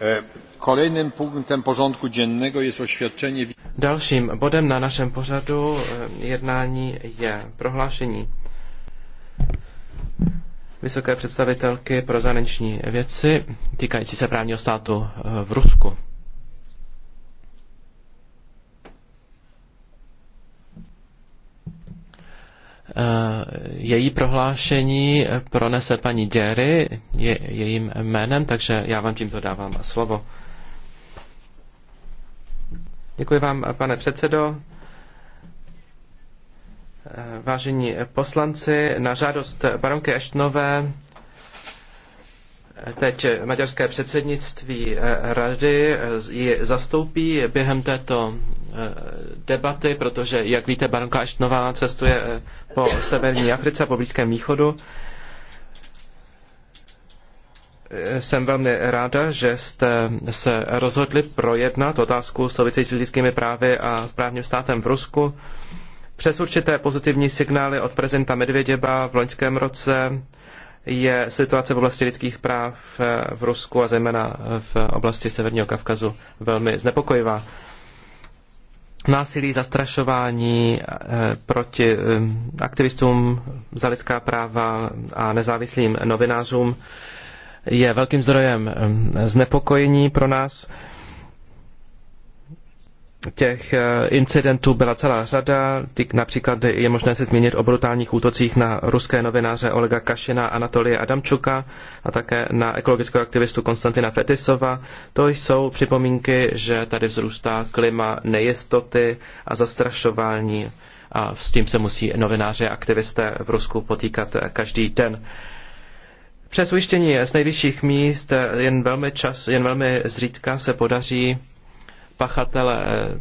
E, kolejnym punktem porządku dziennego jest oświadczenie... Dalším bodem na našem pořadu e, jednání je prohlášení vysoké představitelky pro zahraniční věci týkající se právního státu e, v Rusku. Eh, její prohlášení pronese paní Děry je, jejím jménem, takže já vám tímto dávám slovo. Děkuji vám, pane předsedo. Eh, vážení poslanci, na žádost baronky Eštnové Teď maďarské předsednictví eh, rady eh, ji zastoupí během této eh, debaty, protože, jak víte, baronka Aštnová cestuje po severní Africe, a po Blízkém východu. Jsem velmi ráda, že jste se rozhodli projednat otázku související s lidskými právy a správním státem v Rusku. Přes určité pozitivní signály od prezidenta Medvěděba v loňském roce je situace v oblasti lidských práv eh, v Rusku a zejména v oblasti Severního Kavkazu velmi znepokojivá. Násilí, zastrašování eh, proti eh, aktivistům za lidská práva a nezávislým novinářům je velkým zdrojem znepokojení pro nás těch eh, incidentů byla celá řada, například je možné se zmínit o brutálních útocích na ruské novináře Olega Kašina, Anatolie Adamčuka a také na ekologického aktivistu Konstantina Fetisova. To jsou připomínky, že tady vzrůstá klima nejistoty a zastrašování a s tím se musí novináři a aktivisté v Rusku potýkat eh, každý den. Přes ujištění z nejvyšších míst eh, jen velmi, čas, jen velmi zřídka se podaří pachatele eh,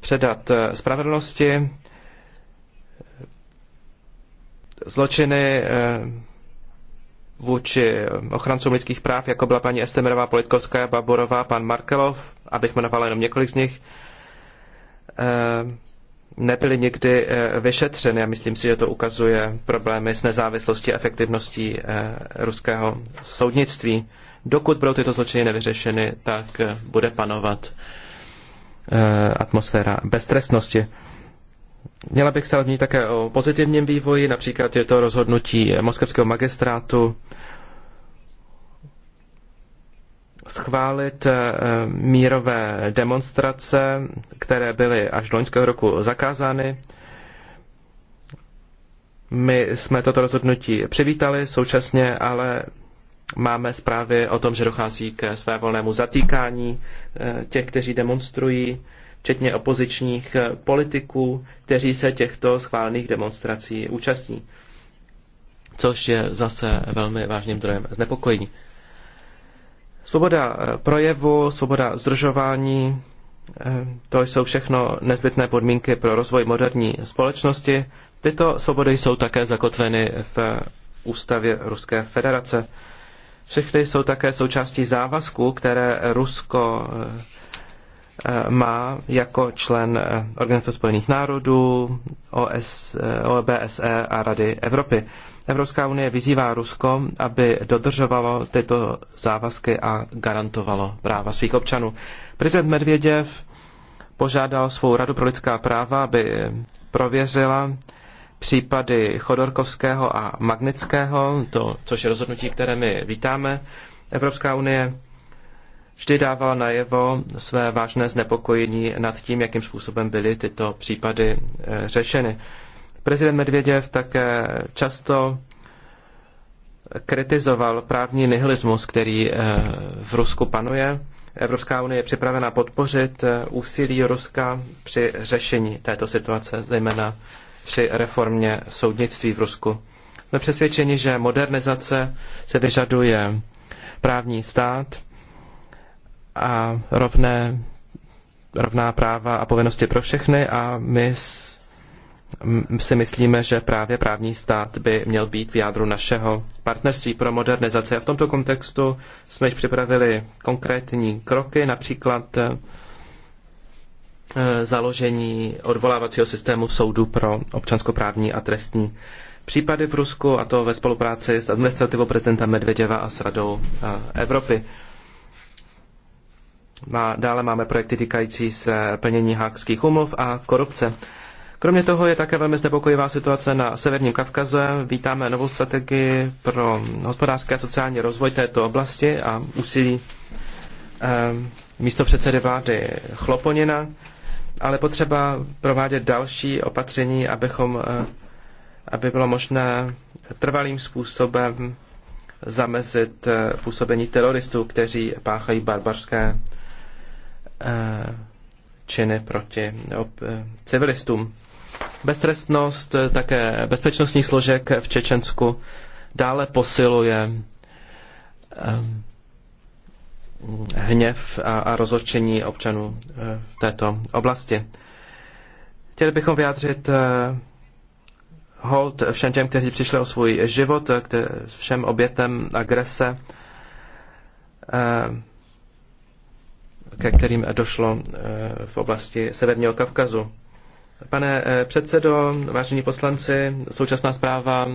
předat eh, spravedlnosti. Zločiny eh, vůči ochrancům lidských práv, jako byla paní Estemerová, Politkovská, Baborová, pan Markelov, abych jmenoval jenom několik z nich, nebyly nikdy eh, vyšetřeny a myslím si, že to ukazuje problémy s nezávislostí a efektivností eh, ruského soudnictví. Dokud budou tyto zločiny nevyřešeny, tak eh, bude panovat atmosféra beztrestnosti. Měla bych se mít také o pozitivním vývoji, například je to rozhodnutí moskevského magistrátu schválit eh, mírové demonstrace, které byly až do loňského roku zakázány. My jsme toto rozhodnutí přivítali současně, ale máme zprávy o tom, že dochází ke své volnému zatýkání eh, těch, kteří demonstrují, včetně opozičních eh, politiků, kteří se těchto schválených demonstrací účastní, což je zase velmi vážným zdrojem znepokojení. Svoboda eh, projevu, svoboda združování, eh, to jsou všechno nezbytné podmínky pro rozvoj moderní společnosti. Tyto svobody jsou také zakotveny v ústavě Ruské federace. Všechny jsou také součástí závazků, které Rusko eh, Eh, má jako člen eh, Organizace spojených národů, OS, eh, OBSE a Rady Evropy. Evropská unie vyzývá Rusko, aby dodržovalo tyto závazky a garantovalo práva svých občanů. Prezident Medvěděv požádal svou Radu pro lidská práva, aby prověřila případy Chodorkovského a Magnického, to, což je rozhodnutí, které my vítáme. Evropská unie vždy dával najevo své vážné znepokojení nad tím, jakým způsobem byly tyto případy eh, řešeny. Prezident Medvěděv také často kritizoval právní nihilismus, který eh, v Rusku panuje. Evropská unie je připravena podpořit eh, úsilí Ruska při řešení této situace, zejména při reformě soudnictví v Rusku. Jsme přesvědčeni, že modernizace se vyžaduje právní stát, a rovné, rovná práva a povinnosti pro všechny a my si myslíme, že právě právní stát by měl být v jádru našeho partnerství pro modernizaci. A v tomto kontextu jsme již připravili konkrétní kroky, například eh, založení odvolávacího systému soudu pro občanskoprávní a trestní případy v Rusku, a to ve spolupráci s administrativou prezidenta Medvěděva a s Radou eh, Evropy. Má, dále máme projekty týkající se plnění hákských umluv a korupce. Kromě toho je také velmi znepokojivá situace na Severním Kavkaze. Vítáme novou strategii pro hospodářský a sociální rozvoj této oblasti a úsilí eh, místo předsedy vlády Chloponina, ale potřeba provádět další opatření, abychom, eh, aby bylo možné trvalým způsobem zamezit eh, působení teroristů, kteří páchají barbarské Eh, činy proti eh, civilistům. Beztrestnost eh, také bezpečnostních složek v Čečensku dále posiluje hněv a, rozhodčení občanů v této oblasti. Chtěli bychom vyjádřit hold všem těm, kteří přišli o svůj život, všem obětem agrese ke kterým došlo eh, v oblasti Severního Kavkazu. Pane eh, předsedo, vážení poslanci, současná zpráva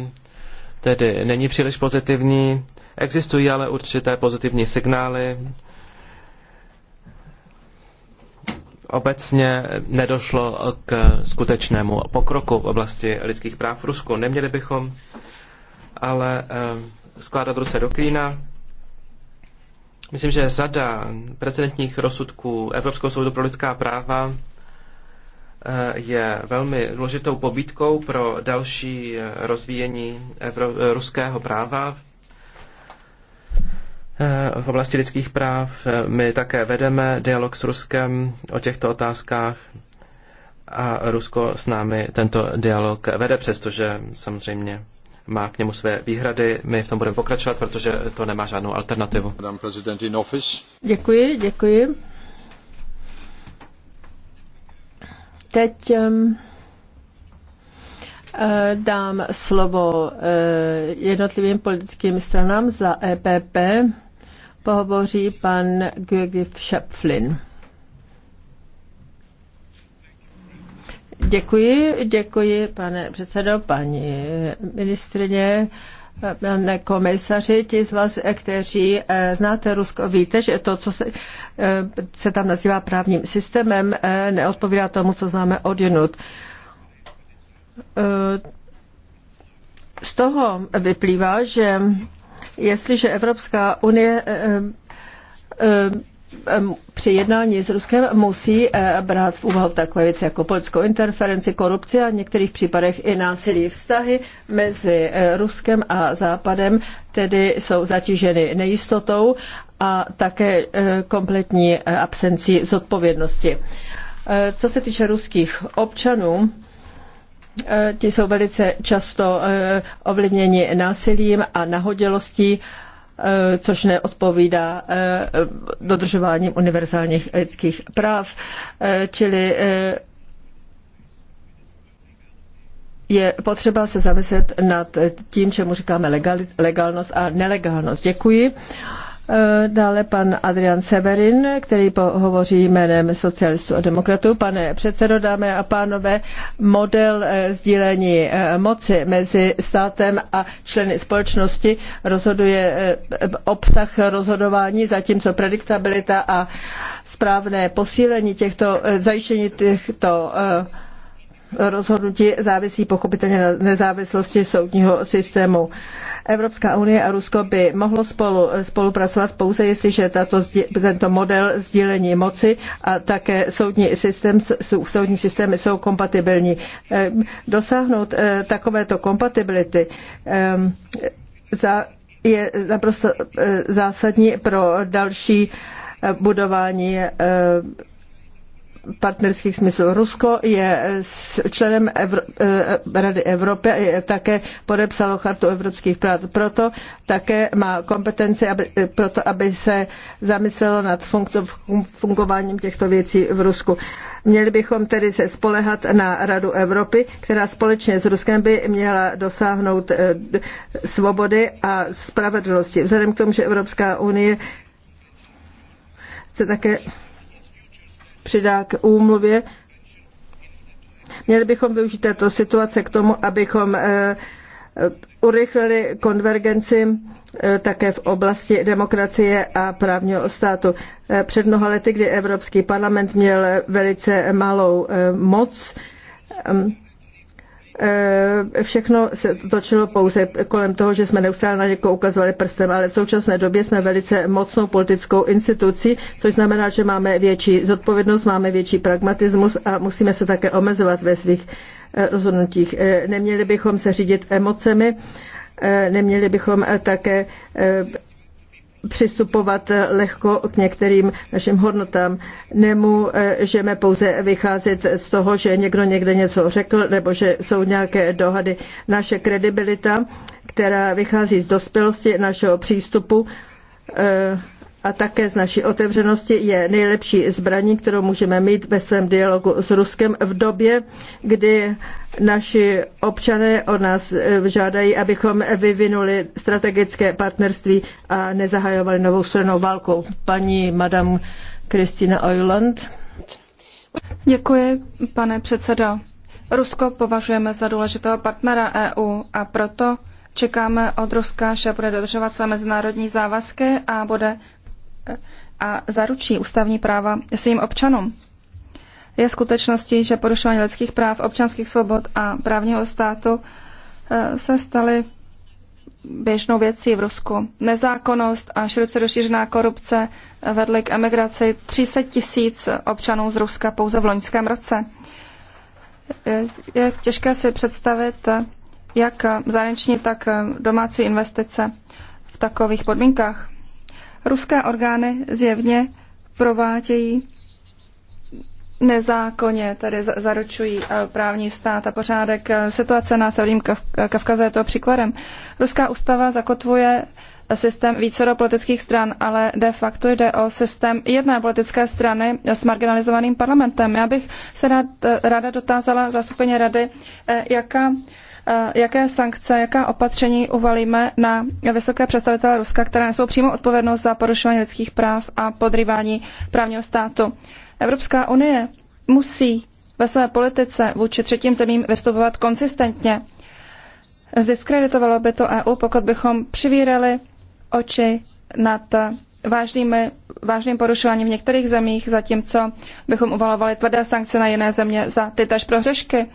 tedy není příliš pozitivní. Existují ale určité pozitivní signály. Obecně nedošlo k skutečnému pokroku v oblasti lidských práv v Rusku. Neměli bychom ale eh, skládat ruce do klína Myslím, že řada precedentních rozsudků Evropského soudu pro lidská práva eh, je velmi důležitou pobídkou pro další eh, rozvíjení evro- eh, ruského práva v oblasti lidských práv. My také vedeme dialog s Ruskem o těchto otázkách a Rusko s námi tento dialog vede, přestože samozřejmě má k němu své výhrady. My v tom budeme pokračovat, protože to nemá žádnou alternativu. Děkuji, děkuji. Teď eh, dám slovo eh, jednotlivým politickým stranám za EPP. Pohovoří pan Georgi Schöpflin. Děkuji, děkuji, pane předsedo, paní ministrině. Pane komisaři, ti z vás, kteří eh, znáte Rusko, víte, že to, co se, eh, se tam nazývá právním systémem, eh, neodpovídá tomu, co známe od jinut. Z toho vyplývá, že jestliže Evropská unie při jednání s Ruskem musí eh, brát v úvahu takové věci jako polskou interferenci, korupci a v některých případech i násilí. Vztahy mezi eh, Ruskem a Západem tedy jsou zatíženy nejistotou a také eh, kompletní absencí zodpovědnosti. Co se týče ruských občanů, ti jsou velice často ovlivněni násilím a nahodilostí Eh, což neodpovídá eh, dodržováním univerzálních lidských práv, eh, čili je potřeba se zamyslet nad tím, čemu říkáme legal, legalnost a nelegálnost. Děkuji. Eh, dále pan Adrian Severin, který hovoří jménem socialistů a demokratů. Pane předsedo, dámy a pánové, model eh, sdílení eh, moci mezi státem a členy společnosti rozhoduje obsah rozhodování, zatímco prediktabilita a správné posílení těchto, zajištění těchto rozhodnutí závisí pochopitelně na nezávislosti soudního systému. Evropská unie a Rusko by mohlo spolu, spolupracovat pouze, jestliže tato, tento model sdílení moci a také soudní systém, soudní systémy jsou kompatibilní. Ehm, dosáhnout eh, takovéto kompatibility ehm, je naprosto eh, zásadní pro další eh, budování partnerských smyslů. Rusko je členem Evro, eh, Rady Evropy a také podepsalo chartu evropských práv. Proto také má kompetenci, aby, proto, aby se zamyslelo nad fungováním těchto věcí v Rusku. Měli bychom tedy se spolehat na Radu Evropy, která společně s Ruskem by měla dosáhnout eh, svobody a spravedlnosti. Vzhledem k tomu, že Evropská unie se také přidá k úmluvě. Měli bychom využít této situace k tomu, abychom eh, urychlili konvergenci eh, také v oblasti demokracie a právního státu. Eh, před mnoha lety, kdy Evropský parlament měl velice malou moc, Eh, všechno se točilo pouze kolem toho, že jsme neustále na někoho ukazovali prstem, ale v současné době jsme velice mocnou politickou institucí, což znamená, že máme větší zodpovědnost, máme větší pragmatismus a musíme se také omezovat ve svých eh, rozhodnutích. Eh, neměli bychom se řídit emocemi, neměli bychom také přistupovat lehko k některým našim hodnotám. Nemůžeme pouze vycházet z toho, že někdo někde něco řekl nebo že jsou nějaké dohady. Naše kredibilita, která vychází z dospělosti našeho přístupu, eh, a také z naší otevřenosti je nejlepší zbraní, kterou můžeme mít ve svém dialogu s Ruskem v době, kdy naši občané od nás eh, žádají, abychom vyvinuli strategické partnerství a nezahajovali novou stranou válkou. Paní madam Kristina Ojland. Děkuji, pane předsedo. Rusko považujeme za důležitého partnera EU a proto čekáme od Ruska, že bude dodržovat své mezinárodní závazky a bude a zaručí ústavní práva svým občanům. Je skutečností, že porušování lidských práv, občanských svobod a právního státu eh, se staly běžnou věcí v Rusku. Nezákonnost a široce rozšířená korupce vedly k emigraci 300 tisíc občanů z Ruska pouze v loňském roce. Je těžké si představit, jak zahraniční, tak domácí investice v takových podmínkách. Ruské orgány zjevně provádějí nezákonně, tedy zaručují eh, právní stát a pořádek. Eh, situace na Severním eh, Kavkaze je toho příkladem. Ruská ústava zakotvuje systém do politických stran, ale de facto jde o systém jedné politické strany s marginalizovaným parlamentem. Já bych se rád, ráda dotázala zastupeně rady, jaká Eh, jaké sankce, jaká opatření uvalíme na vysoké představitele Ruska, které nesou přímo odpovědnost za porušování lidských práv a podrývání právního státu. Evropská unie musí ve své politice vůči třetím zemím vystupovat konsistentně. Zdiskreditovalo by to EU, pokud bychom přivírali oči nad vážnými, vážným porušováním v některých zemích, zatímco bychom uvalovali tvrdé sankce na jiné země za ty prohřešky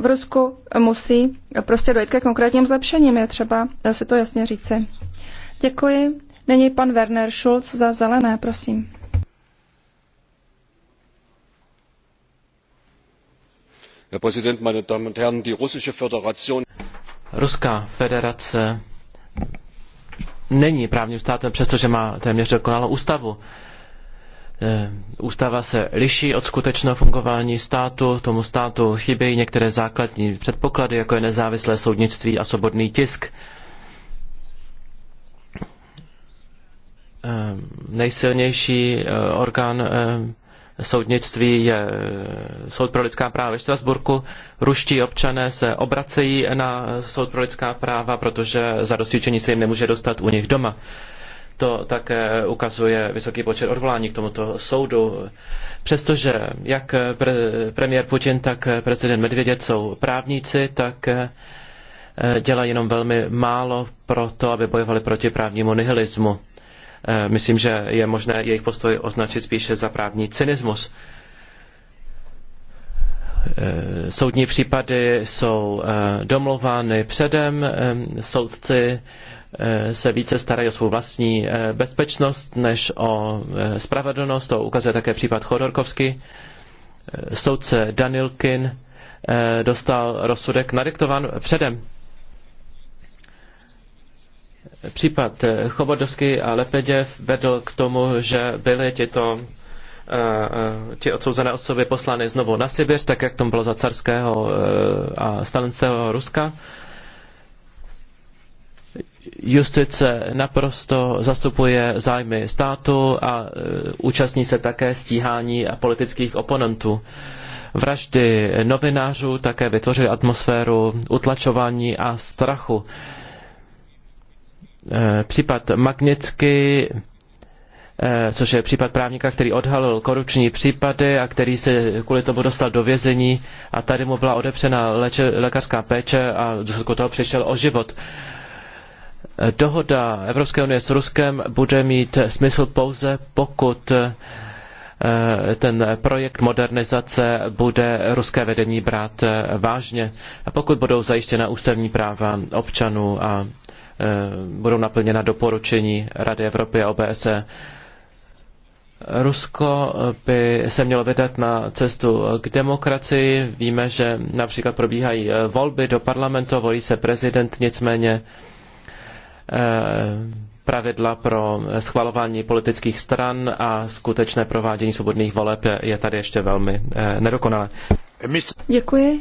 v Rusku musí prostě dojít ke konkrétním zlepšením, je třeba si to jasně říci. Děkuji. Není pan Werner Schulz za zelené, prosím. Herr Präsident, meine Damen und Herren, die russische Föderation. Ruská federace není právním státem, přestože má téměř dokonalou ústavu. Eh, ústava se liší od skutečného fungování státu. Tomu státu chybějí některé základní předpoklady, jako je nezávislé soudnictví a svobodný tisk. Eh, nejsilnější eh, orgán soudnictví je Soud pro lidská práva ve Štrasburku. Ruští občané se obracejí na Soud pro lidská práva, protože za dostičení se jim nemůže dostat u nich doma. To také ukazuje vysoký počet odvolání k tomuto soudu. Přestože jak pre- premiér Putin, tak prezident Medvědět jsou právníci, tak eh, dělají jenom velmi málo pro to, aby bojovali proti právnímu nihilismu. Eh, myslím, že je možné jejich postoj označit spíše za právní cynismus eh, soudní případy jsou domlouvány předem, soudci Eh, se více starají o svou vlastní eh, bezpečnost než o eh, spravedlnost. To ukazuje také případ Chodorkovsky. Soudce Danilkin dostal rozsudek nadiktovan předem. Případ Chobodovsky a Lepeděv vedl k tomu, že byly tito ti odsouzené osoby poslány znovu na Sibiř, tak jak tomu bylo za carského a stalinského Ruska justice naprosto zastupuje zájmy státu a e, účastní se také stíhání politických oponentů. Vraždy novinářů také vytvořily atmosféru utlačování a strachu. E, případ Magnicky, e, což je případ právníka, který odhalil korupční případy a který se kvůli tomu dostal do vězení a tady mu byla odepřena lékařská péče a v důsledku toho přišel o život dohoda Evropské unie s Ruskem bude mít smysl pouze, pokud eh, ten projekt modernizace bude ruské vedení brát eh, vážně a pokud budou zajištěna ústavní práva občanů a eh, budou naplněna doporučení Rady Evropy a OBSE. Rusko by se mělo vydat na cestu k demokracii. Víme, že například probíhají volby do parlamentu, volí se prezident, nicméně Eh, pravidla pro schvalování politických stran a skutečné provádění svobodných voleb je tady ještě velmi eh, nedokonalé. Děkuji.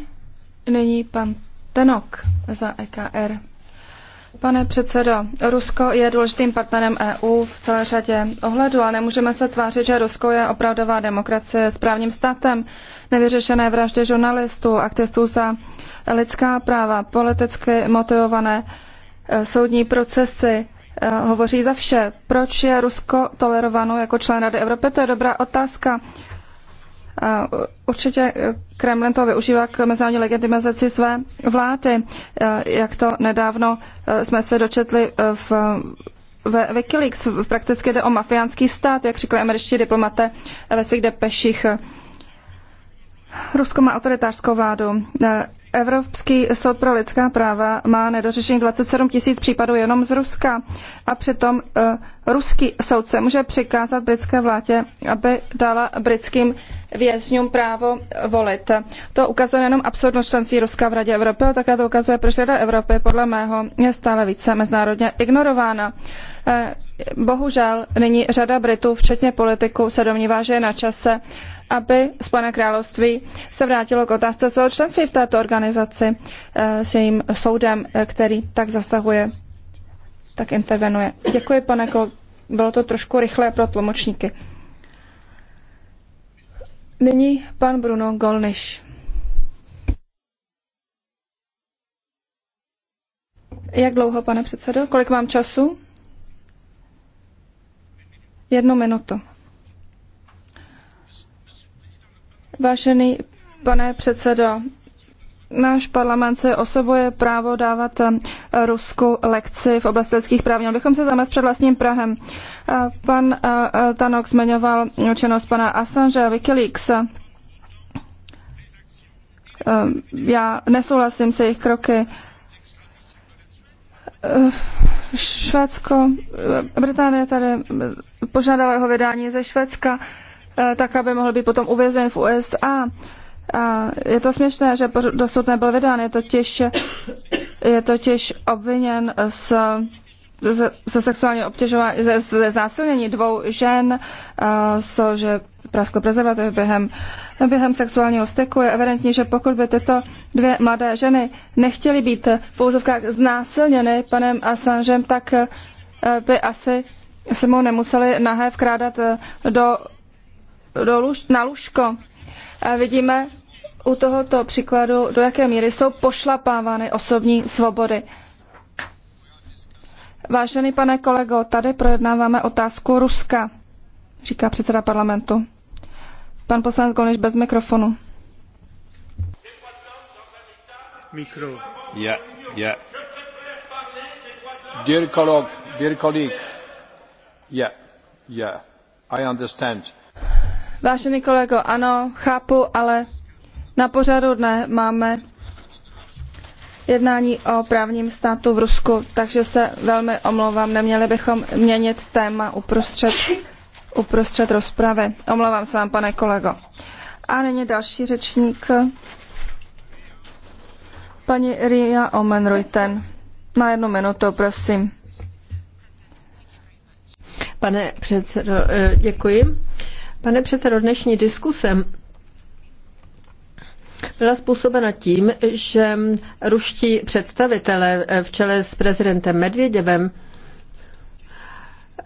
Nyní pan Tenok za EKR. Pane předsedo, Rusko je důležitým partnerem EU v celé řadě ohledů, ale nemůžeme se tvářit, že Rusko je opravdová demokracie s právním státem, nevyřešené vraždy žurnalistů, aktivistů za lidská práva, politicky motivované Eh, soudní procesy eh, hovoří za vše. Proč je Rusko tolerováno jako člen Rady Evropy? To je dobrá otázka. Eh, určitě Kremlin to využívá k mezinárodní legitimizaci své vlády, jak to nedávno jsme se dočetli v ve Wikileaks. Prakticky jde o mafiánský stát, jak říkali američtí diplomaté ve svých depeších. Rusko má autoritářskou vládu. Evropský soud pro lidská práva má nedořešených 27 tisíc případů jenom z Ruska a přitom eh, ruský soudce může přikázat britské vládě, aby dala britským vězňům právo volit. To ukazuje jenom absurdnost členství Ruska v Radě Evropy, ale také to ukazuje, proč Rada Evropy podle mého je stále více mezinárodně ignorována. Eh, bohužel nyní řada Britů, včetně politiků, se domnívá, že je na čase aby Spojené království se vrátilo k otázce svého členství v této organizaci eh, s jejím soudem, eh, který tak zasahuje, tak intervenuje. Děkuji, pane Kol. Bylo to trošku rychlé pro tlumočníky. Nyní pan Bruno Golniš. Jak dlouho, pane předsedo? Kolik mám času? Jednu minutu. Vážený pane předsedo, náš parlament si osobuje právo dávat eh, Rusku lekci v oblasti lidských práv. Měl bychom se zamést před vlastním Prahem. Eh, pan eh, Tanok zmiňoval činnost pana Assange a Wikileaks. Já nesouhlasím se jejich kroky. Švédsko, Británie tady požádala jeho vydání ze Švédska. Eh, tak aby mohl být potom uvězněn v USA. A je to směšné, že dosud nebyl vydán, je totiž, je totiž obviněn z ze, ze sexuální obtěžování, ze, ze znásilnění dvou žen, uh, eh, so, že praskl prezervativ během, během sexuálního styku. Je evidentní, že pokud by tyto dvě mladé ženy nechtěly být v úzovkách znásilněny panem Assangem, tak uh, by asi se mu nemuseli nahé vkrádat do do luž, na lůžko. vidíme u tohoto příkladu, do jaké míry jsou pošlapávány osobní svobody. Vážený pane kolego, tady projednáváme otázku Ruska, říká předseda parlamentu. Pan poslanec Golniš bez mikrofonu. Mikro. Ja, ja. Dear colleague, dear colleague. Yeah, yeah. I understand. Vážený kolego, ano, chápu, ale na pořadu dne máme jednání o právním státu v Rusku, takže se velmi omlouvám, neměli bychom měnit téma uprostřed, uprostřed rozpravy. Omlouvám se vám, pane kolego. A nyní další řečník, paní Ria Omenrojten. Na jednu minutu, prosím. Pane předsedo, eh, děkuji. Pane předsedo, dnešní diskuse byla způsobena tím, že ruští představitelé v čele s prezidentem Medvěděvem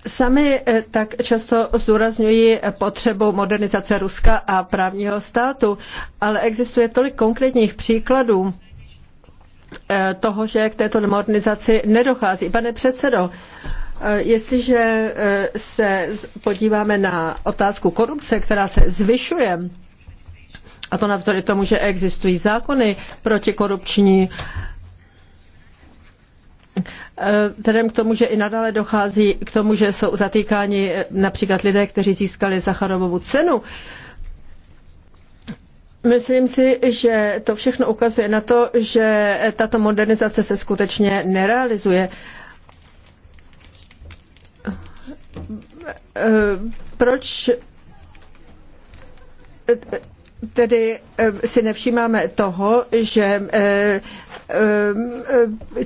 Sami eh, tak často zdůrazňují potřebu modernizace Ruska a právního státu, ale existuje tolik konkrétních příkladů eh, toho, že k této modernizaci nedochází. Pane předsedo, Eh, jestliže eh, se podíváme na otázku korupce, která se zvyšuje, a to navzdory tomu, že existují zákony protikorupční, eh, vzhledem k tomu, že i nadále dochází k tomu, že jsou zatýkáni například lidé, kteří získali Zacharovovu cenu, Myslím si, že to všechno ukazuje na to, že tato modernizace se skutečně nerealizuje. Eh, proč eh, tedy eh, si nevšímáme toho, že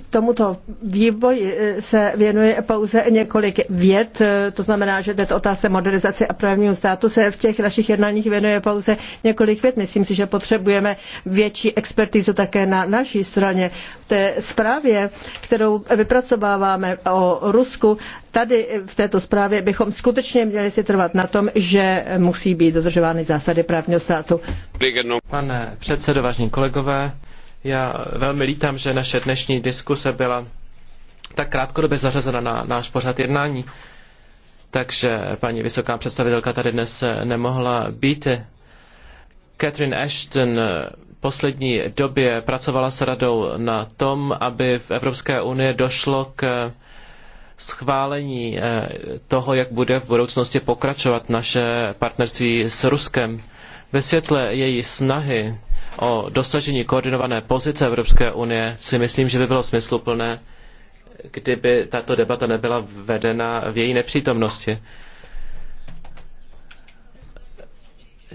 tomuto vývoji se věnuje pouze několik věd, to znamená, že této otázce modernizace a právního státu se v těch našich jednáních věnuje pouze několik věd. Myslím si, že potřebujeme větší expertizu také na naší straně. V té zprávě, kterou vypracováváme o Rusku, Tady eh, v této zprávě bychom skutečně měli si trvat na tom, že musí být dodržovány zásady právního státu. Pane předsedo, vážení kolegové, já velmi lítám, že naše dnešní diskuse byla tak krátkodobě zařazena na náš pořad jednání. Takže paní vysoká představitelka tady dnes eh, nemohla být. Catherine Ashton eh, poslední době pracovala s radou na tom, aby v Evropské unii došlo k schválení eh, toho, jak bude v budoucnosti pokračovat naše partnerství s Ruskem. Ve světle její snahy o dosažení koordinované pozice Evropské unie si myslím, že by bylo smysluplné, kdyby tato debata nebyla vedena v její nepřítomnosti.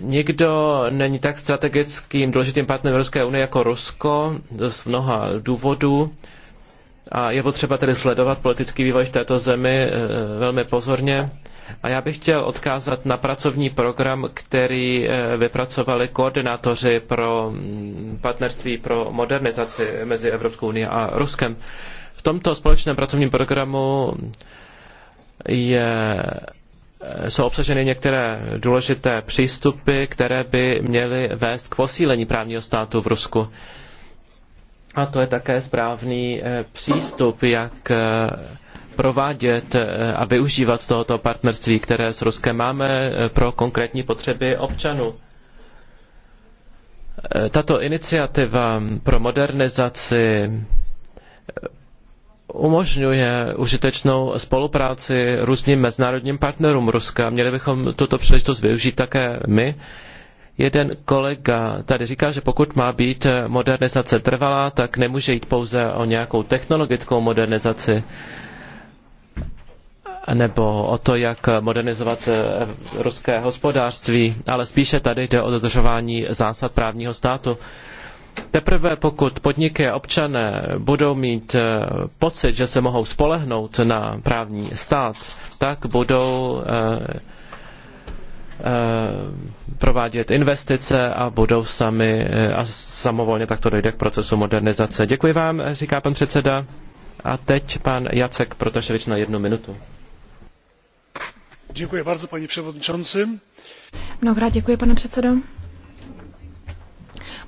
Nikdo není tak strategickým důležitým partnerem Evropské unie jako Rusko z mnoha důvodů. A je potřeba tedy sledovat politický vývoj v této zemi eh, velmi pozorně. A já bych chtěl odkázat na pracovní program, který eh, vypracovali koordinátoři pro mm, partnerství pro modernizaci mezi Evropskou unii a Ruskem. V tomto společném pracovním programu je, eh, jsou obsaženy některé důležité přístupy, které by měly vést k posílení právního státu v Rusku. A to je také správný eh, přístup, jak eh, provádět eh, a využívat tohoto partnerství, které s Ruskem máme pro konkrétní potřeby občanů. Tato iniciativa pro modernizaci umožňuje užitečnou spolupráci různým mezinárodním partnerům Ruska. Měli bychom tuto příležitost využít také my Jeden kolega tady říká, že pokud má být modernizace trvalá, tak nemůže jít pouze o nějakou technologickou modernizaci nebo o to, jak modernizovat eh, ruské hospodářství, ale spíše tady jde o dodržování zásad právního státu. Teprve pokud podniky a občané budou mít eh, pocit, že se mohou spolehnout na právní stát, tak budou eh, Eh, provádět investice a budou sami eh, a samovolně takto dojde k procesu modernizace. Děkuji vám, říká pan předseda. A teď pan Jacek Protaševič na jednu minutu. Děkuji bardzo, paní převodničanci. Mnohokrát děkuji, pane předsedo.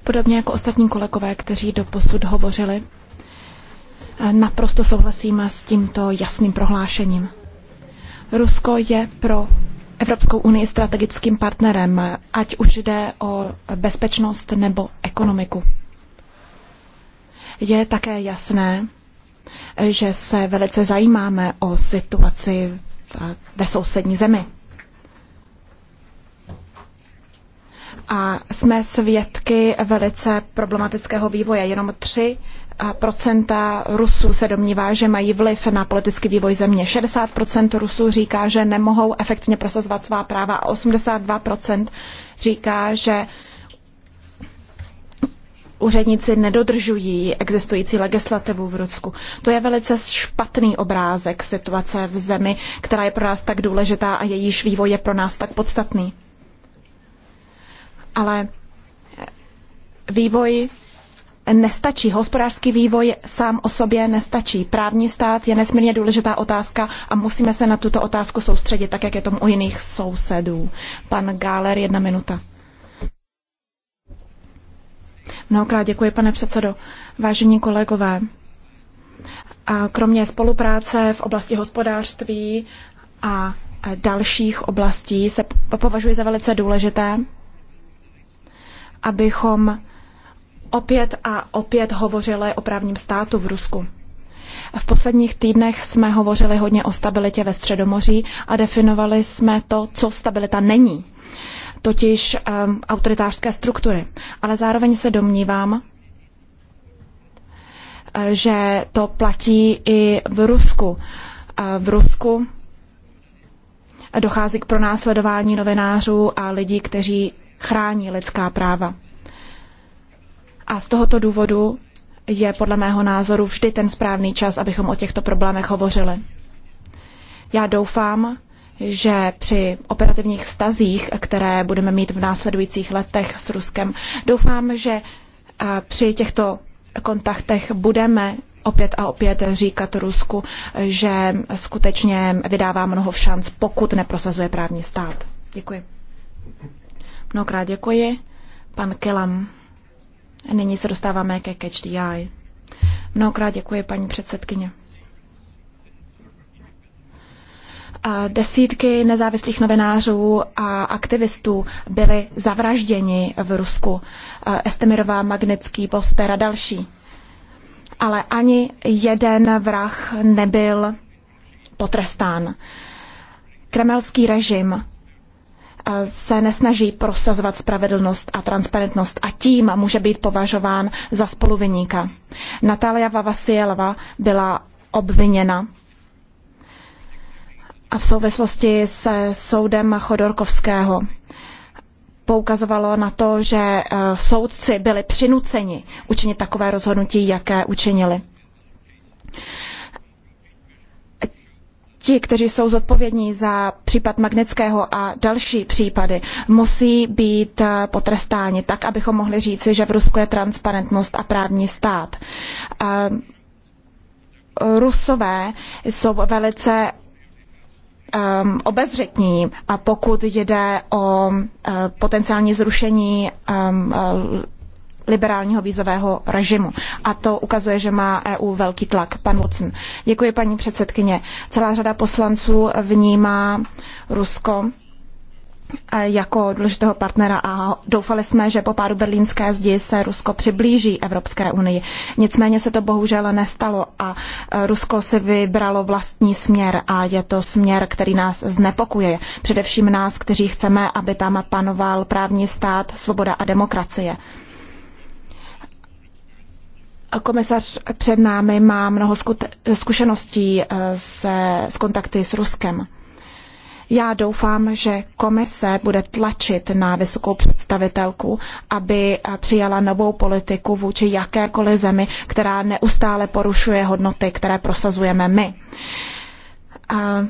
Podobně jako ostatní kolegové, kteří do posud hovořili, eh, naprosto souhlasím s tímto jasným prohlášením. Rusko je pro Evropskou unii strategickým partnerem, ať už jde o bezpečnost nebo ekonomiku. Je také jasné, že se velice zajímáme o situaci ve sousední zemi. A jsme svědky velice problematického vývoje. Jenom tři procenta Rusů se domnívá, že mají vliv na politický vývoj země. 60% Rusů říká, že nemohou efektivně prosazovat svá práva a 82% říká, že úředníci nedodržují existující legislativu v Rusku. To je velice špatný obrázek situace v zemi, která je pro nás tak důležitá a jejíž vývoj je pro nás tak podstatný. Ale vývoj nestačí. Hospodářský vývoj sám o sobě nestačí. Právní stát je nesmírně důležitá otázka a musíme se na tuto otázku soustředit, tak jak je tomu u jiných sousedů. Pan Gáler, jedna minuta. Mnohokrát děkuji, pane předsedo. Vážení kolegové, a kromě spolupráce v oblasti hospodářství a dalších oblastí se považuji za velice důležité, abychom opět a opět hovořili o právním státu v Rusku. V posledních týdnech jsme hovořili hodně o stabilitě ve Středomoří a definovali jsme to, co stabilita není, totiž um, autoritářské struktury. Ale zároveň se domnívám, eh, že to platí i v Rusku. V Rusku dochází k pronásledování novinářů a lidí, kteří chrání lidská práva. A z tohoto důvodu je podle mého názoru vždy ten správný čas, abychom o těchto problémech hovořili. Já doufám, že při operativních vztazích, které budeme mít v následujících letech s Ruskem, doufám, že při těchto kontaktech budeme opět a opět říkat Rusku, že skutečně vydává mnoho šanc, pokud neprosazuje právní stát. Děkuji. Mnohokrát děkuji. Pan Kelam. Nyní se dostáváme ke Catch the Eye. Mnohokrát děkuji, paní předsedkyně. Desítky nezávislých novinářů a aktivistů byly zavražděni v Rusku. Estemirová, Magnický, Poster a další. Ale ani jeden vrah nebyl potrestán. Kremelský režim se nesnaží prosazovat spravedlnost a transparentnost a tím může být považován za spoluviníka. Natália Vavasielova byla obviněna a v souvislosti se soudem Chodorkovského poukazovalo na to, že e, soudci byli přinuceni učinit takové rozhodnutí, jaké učinili ti, kteří jsou zodpovědní za případ Magnického a další případy, musí být eh, potrestáni tak, abychom mohli říci, že v Rusku je transparentnost a právní stát. Eh, Rusové jsou velice um, obezřetní, a pokud jde o uh, potenciální zrušení um, liberálního vízového režimu. A to ukazuje, že má EU velký tlak. Pan Watson. Děkuji, paní předsedkyně. Celá řada poslanců vnímá Rusko eh, jako důležitého partnera a doufali jsme, že po pádu berlínské zdi se Rusko přiblíží Evropské unii. Nicméně se to bohužel nestalo a eh, Rusko si vybralo vlastní směr a je to směr, který nás znepokuje. Především nás, kteří chceme, aby tam panoval právní stát, svoboda a demokracie. Komisař před námi má mnoho zkušeností eh, se, s kontakty s Ruskem. Já doufám, že komise bude tlačit na vysokou představitelku, aby eh, přijala novou politiku vůči jakékoliv zemi, která neustále porušuje hodnoty, které prosazujeme my. A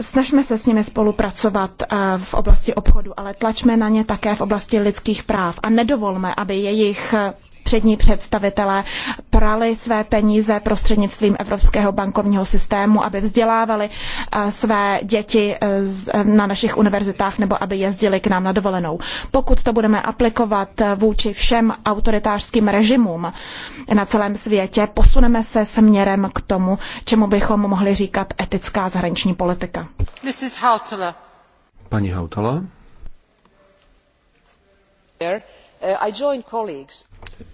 snažme se s nimi spolupracovat eh, v oblasti obchodu, ale tlačme na ně také v oblasti lidských práv a nedovolme, aby jejich přední představitelé prali své peníze prostřednictvím evropského bankovního systému, aby vzdělávali eh, své děti eh, eh, na našich univerzitách nebo aby jezdili k nám na dovolenou. Pokud to budeme aplikovat vůči všem autoritářským režimům na celém světě, posuneme se směrem k tomu, čemu bychom mohli říkat etická zahraniční politika. Mrs. Hautala. Paní Hautala. Uh, I join colleagues.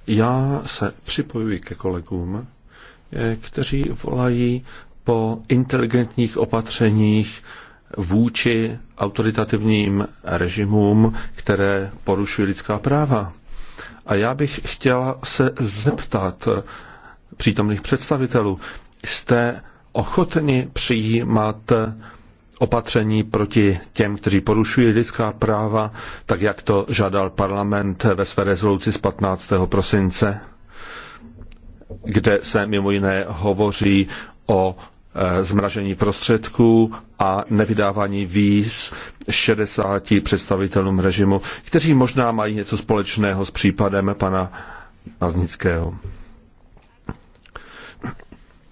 Já se připojuji ke kolegům, eh, kteří volají po inteligentních opatřeních vůči autoritativním režimům, které porušují lidská práva. A já bych chtěla se zeptat přítomných představitelů, jste ochotni přijímat opatření proti těm, kteří porušují lidská práva, tak jak to žádal parlament ve své rezoluci z 15. prosince, kde se mimo jiné hovoří o eh, zmražení prostředků a nevydávání víz 60 představitelům režimu, kteří možná mají něco společného s případem pana Naznického.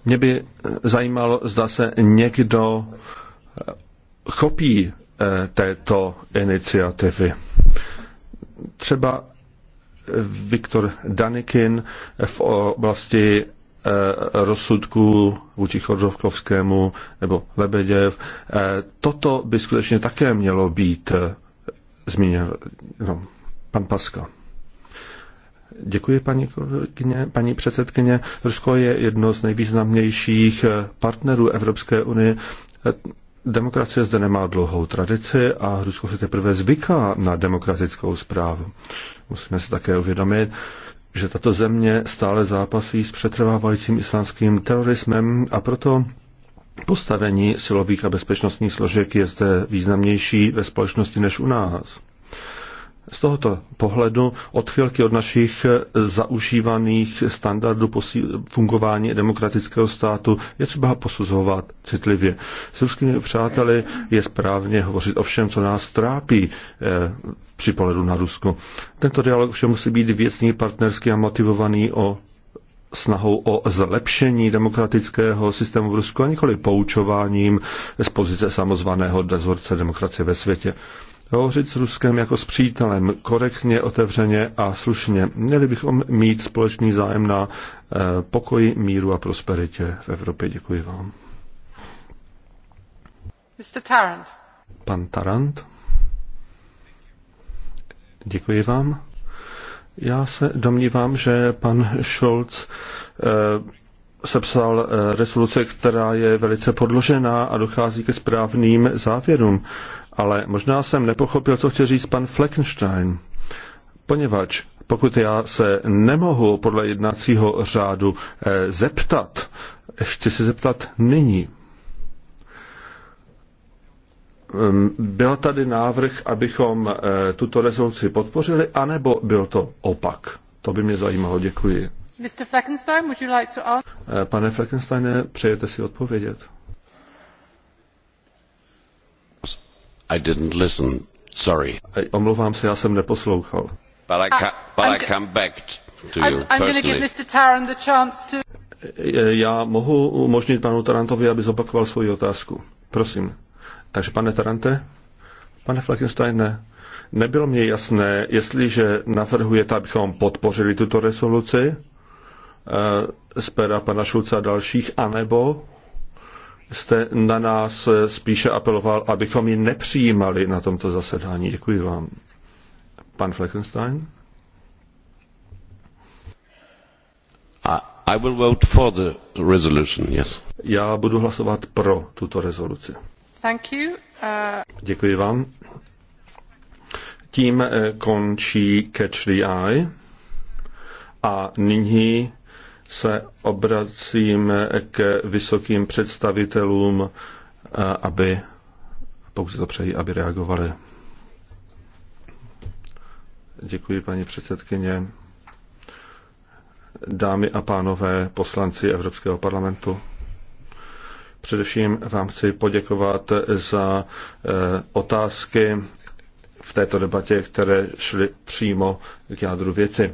Mě by zajímalo, zda se někdo chopí eh, této iniciativy. Třeba eh, Viktor Danikin v oblasti eh, rozsudků vůči Chodovkovskému nebo Lebeděv. Toto by skutečně také mělo být zmíněno. No, pan Paska. Děkuji, paní, kolegyně, paní předsedkyně. Rusko je jedno z nejvýznamnějších partnerů Evropské unie Demokracie zde nemá dlouhou tradici a Rusko se teprve zvyká na demokratickou zprávu. Musíme se také uvědomit, že tato země stále zápasí s přetrvávajícím islámským terorismem a proto postavení silových a bezpečnostních složek je zde významnější ve společnosti než u nás. Z tohoto pohledu odchylky od našich eh, zaužívaných standardů fungování demokratického státu je třeba posuzovat citlivě. S ruskými přáteli je správně hovořit o všem, co nás trápí eh, při pohledu na Rusko. Tento dialog všem musí být věcný, partnerský a motivovaný o snahou o zlepšení demokratického systému v Rusku a nikoli poučováním z pozice samozvaného dezorce demokracie ve světě hovořit s Ruskem jako s přítelem, korektně, otevřeně a slušně. Měli bychom mít společný zájem na eh, pokoji, míru a prosperitě v Evropě. Děkuji vám. Mr. Tarant. Pan Tarant. Děkuji vám. Já se domnívám, že pan Scholz eh, sepsal eh, rezoluce, která je velice podložená a dochází ke správným závěrům ale možná jsem nepochopil, co chce říct pan Fleckenstein, poněvadž pokud já se nemohu podle jednacího řádu eh, zeptat, chci se zeptat nyní. Ehm, byl tady návrh, abychom eh, tuto rezoluci podpořili, anebo byl to opak? To by mě zajímalo, děkuji. Mr. Fleckenstein, would you like to ask? Eh, pane Fleckensteine, přejete si odpovědět? I didn't listen. Sorry. Omlouvám se, já jsem neposlouchal. But I, ca- but I come back to you I'm, I'm give Mr. Tarrant the chance to... E, e, já mohu umožnit panu Tarantovi, aby zopakoval svoji otázku. Prosím. Takže pane Tarante, pane Fleckensteine, nebylo mě jasné, jestliže navrhujete, abychom podpořili tuto rezoluci e, z pana Šulce a dalších, anebo jste na nás eh, spíše apeloval, abychom ji nepřijímali na tomto zasedání. Děkuji vám. Pan Fleckenstein? I will vote for the resolution, yes. Já budu hlasovat pro tuto rezoluci. Thank you. Uh... Děkuji vám. Tím eh, končí Catch the Eye a nyní se obracím k vysokým představitelům, aby, pokud to přejí, aby reagovali. Děkuji, paní předsedkyně. Dámy a pánové, poslanci Evropského parlamentu. Především vám chci poděkovat za eh, otázky v této debatě, které šly přímo k jádru věci.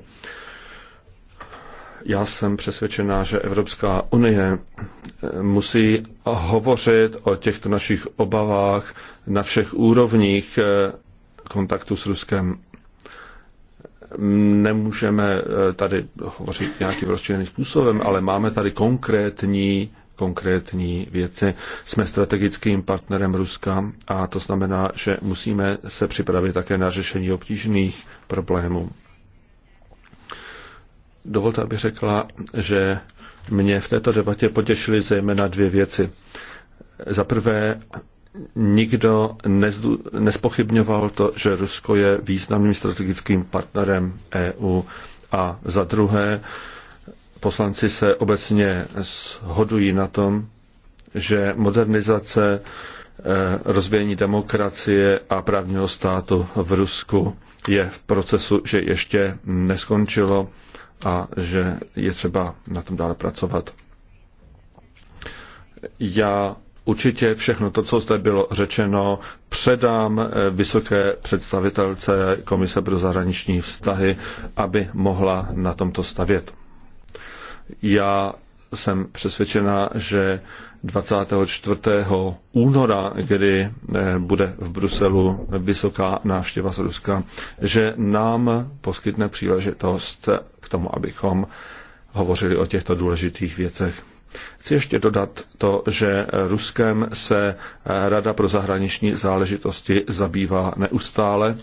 Já jsem přesvědčená, že Evropská unie eh, musí hovořit o těchto našich obavách na všech úrovních eh, kontaktu s Ruskem. Nemůžeme eh, tady hovořit nějakým rozčíleným způsobem, ale máme tady konkrétní konkrétní věci. Jsme strategickým partnerem Ruska a to znamená, že musíme se připravit také na řešení obtížných problémů. Dovolte, abych řekla, že mě v této debatě potěšily zejména dvě věci. Za prvé, nikdo nezdu, nespochybňoval to, že Rusko je významným strategickým partnerem EU. A za druhé, poslanci se obecně shodují na tom, že modernizace, eh, rozvíjení demokracie a právního státu v Rusku je v procesu, že ještě neskončilo a že je třeba na tom dále pracovat. Já určitě všechno to, co zde bylo řečeno, předám eh, vysoké představitelce Komise pro zahraniční vztahy, aby mohla na tomto stavět. Já jsem přesvědčena, že 24. února, kdy eh, bude v Bruselu vysoká návštěva z Ruska, že nám poskytne příležitost k tomu, abychom hovořili o těchto důležitých věcech. Chci ještě dodat to, že Ruskem se eh, Rada pro zahraniční záležitosti zabývá neustále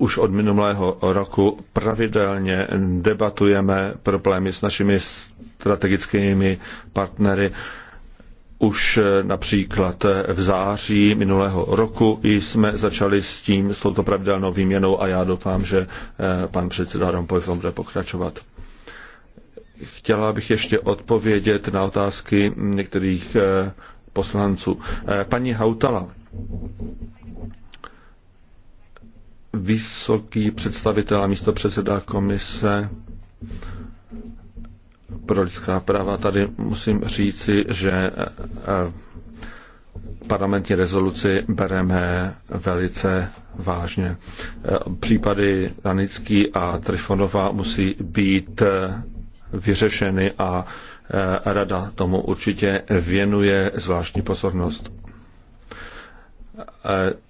už od minulého roku pravidelně debatujeme problémy s našimi strategickými partnery. Už eh, například eh, v září minulého roku jsme začali s tím, s touto pravidelnou výměnou a já doufám, že eh, pan předseda Rompoy bude pokračovat. Chtěla bych ještě odpovědět na otázky některých poslanců. Paní Hautala, vysoký představitel a místo předseda komise pro lidská práva. Tady musím říci, že eh, parlamentní rezoluci bereme velice vážně. Eh, případy Danický a Trifonova musí být eh, vyřešeny a rada tomu určitě věnuje zvláštní pozornost.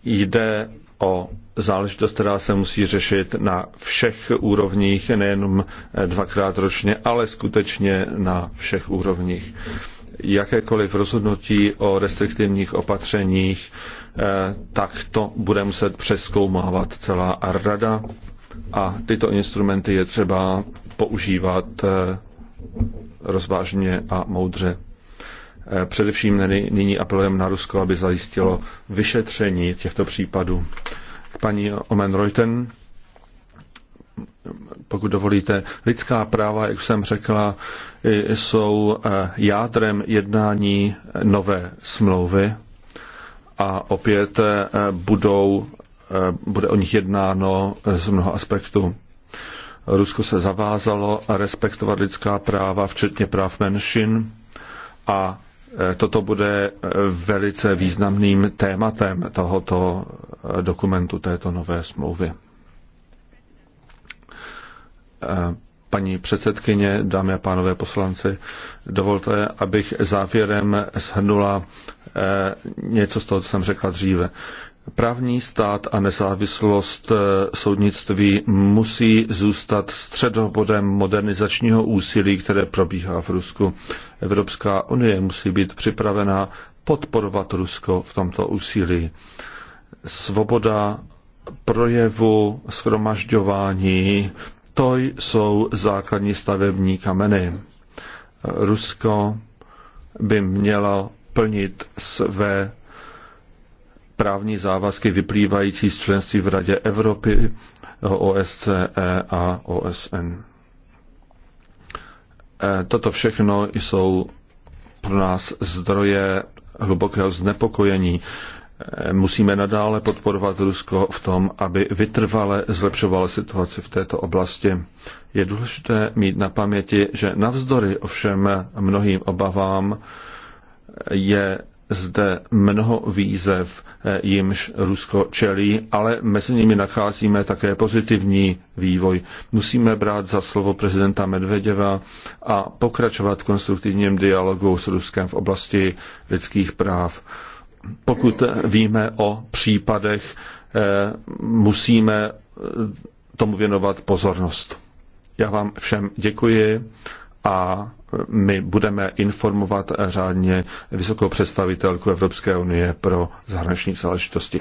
Jde o záležitost, která se musí řešit na všech úrovních, nejenom dvakrát ročně, ale skutečně na všech úrovních. Jakékoliv rozhodnutí o restriktivních opatřeních, eh, tak to bude muset přeskoumávat celá rada a tyto instrumenty je třeba používat eh, rozvážně a moudře. Eh, především nyní apelujeme na Rusko, aby zajistilo vyšetření těchto případů paní Omen Reuten. Pokud dovolíte, lidská práva, jak jsem řekla, jsou eh, jádrem jednání nové smlouvy a opět eh, budou, eh, bude o nich jednáno z mnoha aspektů. Rusko se zavázalo respektovat lidská práva, včetně práv menšin a toto bude velice významným tématem tohoto dokumentu této nové smlouvy. Eh, paní předsedkyně, dámy a pánové poslanci, dovolte, abych závěrem shrnula eh, něco z toho, co jsem řekla dříve. Právní stát a nezávislost eh, soudnictví musí zůstat středobodem modernizačního úsilí, které probíhá v Rusku. Evropská unie musí být připravena podporovat Rusko v tomto úsilí svoboda projevu, shromažďování, to jsou základní stavební kameny. Rusko by mělo plnit své právní závazky vyplývající z členství v Radě Evropy, OSCE a OSN. E, toto všechno jsou pro nás zdroje hlubokého znepokojení. Eh, musíme nadále podporovat Rusko v tom, aby vytrvale zlepšovalo situaci v této oblasti. Je důležité mít na paměti, že navzdory ovšem mnohým obavám eh, je zde mnoho výzev, eh, jimž Rusko čelí, ale mezi nimi nacházíme také pozitivní vývoj. Musíme brát za slovo prezidenta Medvedeva a pokračovat v konstruktivním dialogu s Ruskem v oblasti lidských práv pokud víme o případech, eh, musíme eh, tomu věnovat pozornost. Já vám všem děkuji a eh, my budeme informovat řádně vysokou představitelku Evropské unie pro zahraniční záležitosti.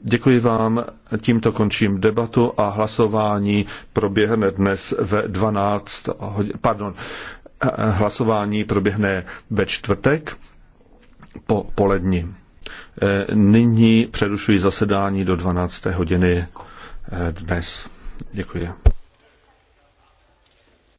Děkuji vám, tímto končím debatu a hlasování proběhne dnes ve 12 hodin, pardon, hlasování proběhne ve čtvrtek po poledni. E, nyní přerušuji zasedání do 12. hodiny e, dnes. Děkuji.